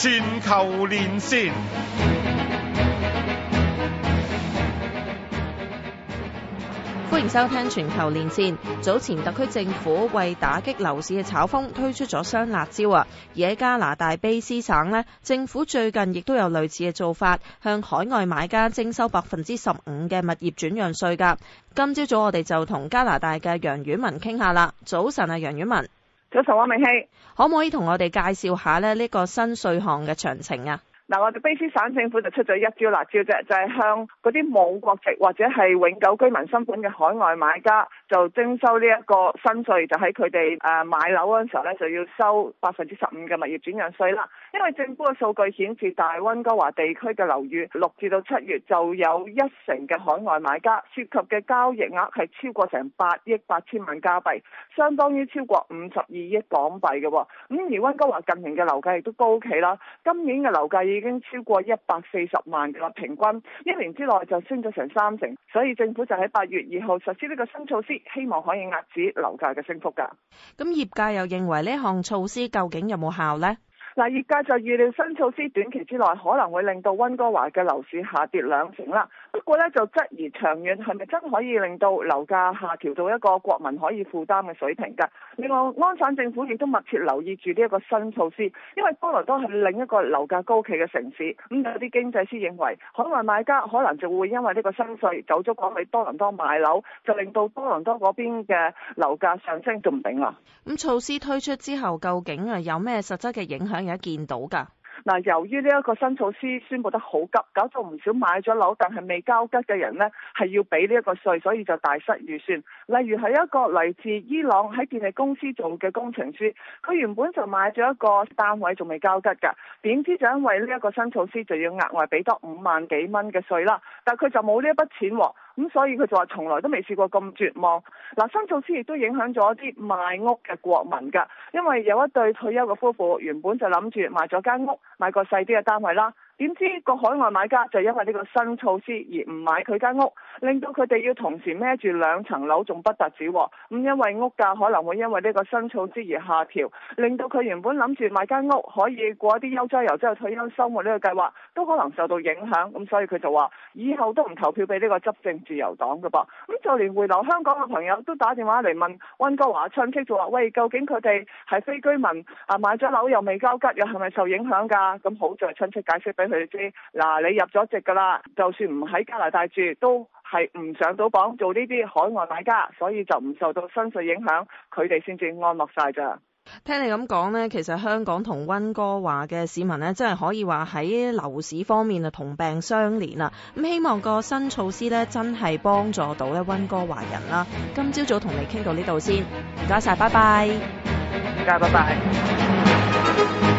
全球連線，歡迎收聽全球連線。早前特區政府為打擊樓市嘅炒風，推出咗雙辣招啊！而喺加拿大卑斯省呢，政府最近亦都有類似嘅做法，向海外買家徵收百分之十五嘅物業轉讓稅噶。今朝早我哋就同加拿大嘅楊婉文傾下啦。早晨啊，楊婉文。早晨，溟曦，可唔可以同我哋介紹下咧，呢個新稅項嘅詳情啊？嗱、啊，我哋卑斯省政府就出咗一招辣椒啫，就係、是、向嗰啲冇國籍或者係永久居民身份嘅海外買家就，就徵收呢一個新稅，就喺佢哋誒買樓嗰陣時候咧，就要收百分之十五嘅物業轉讓稅啦。因為政府嘅數據顯示，大溫哥華地區嘅樓宇六至到七月就有一成嘅海外買家涉及嘅交易額係超過成八億八千萬加幣，相當於超過五十二億港幣嘅喎。咁而溫哥華近年嘅樓價亦都高企啦，今年嘅樓價。已經超過一百四十萬嘅平均，一年之內就升咗成三成，所以政府就喺八月二號實施呢個新措施，希望可以遏止樓價嘅升幅噶。咁業界又認為呢項措施究竟有冇效呢？嗱，業界就預料新措施短期之內可能會令到溫哥華嘅樓市下跌兩成啦。不過呢，就質疑長遠係咪真可以令到樓價下調到一個國民可以負擔嘅水平㗎？另外，安省政府亦都密切留意住呢一個新措施，因為多倫多係另一個樓價高企嘅城市。咁有啲經濟師認為，海外買家可能就會因為呢個新稅走咗過去多倫多買樓，就令到多倫多嗰邊嘅樓價上升仲唔定啦。咁措施推出之後，究竟啊有咩實質嘅影響？而家見到㗎嗱，由於呢一個新措施宣佈得好急，搞到唔少買咗樓但係未交吉嘅人呢，係要俾呢一個稅，所以就大失預算。例如係一個嚟自伊朗喺電力公司做嘅工程師，佢原本就買咗一個單位，仲未交吉㗎，點知就因為呢一個新措施，就要額外俾多五萬幾蚊嘅稅啦。但係佢就冇呢一筆錢喎。咁、嗯、所以佢就話從來都未試過咁絕望。嗱、啊，新措施亦都影響咗啲賣屋嘅國民㗎，因為有一對退休嘅夫婦原本就諗住賣咗間屋，買個細啲嘅單位啦。點知個海外買家就因為呢個新措施而唔買佢間屋，令到佢哋要同時孭住兩層樓仲不特止咁因為屋價可能會因為呢個新措施而下調，令到佢原本諗住買間屋可以過一啲悠哉游哉退休生活呢個計劃都可能受到影響，咁所以佢就話以後都唔投票俾呢個執政自由黨㗎噃，咁就連回流香港嘅朋友都打電話嚟問溫哥華親戚就就話喂，究竟佢哋係非居民啊，買咗樓又未交吉，又係咪受影響噶？咁好在親戚解釋俾。佢哋知嗱，你入咗籍噶啦，就算唔喺加拿大住，都係唔上到榜做呢啲海外買家，所以就唔受到新稅影響，佢哋先至安樂晒咋。聽你咁講呢，其實香港同溫哥華嘅市民呢，真係可以話喺樓市方面啊同病相憐啊。咁希望個新措施呢，真係幫助到咧溫哥華人啦。今朝早同你傾到呢度先，唔該晒，拜拜。唔該，拜拜。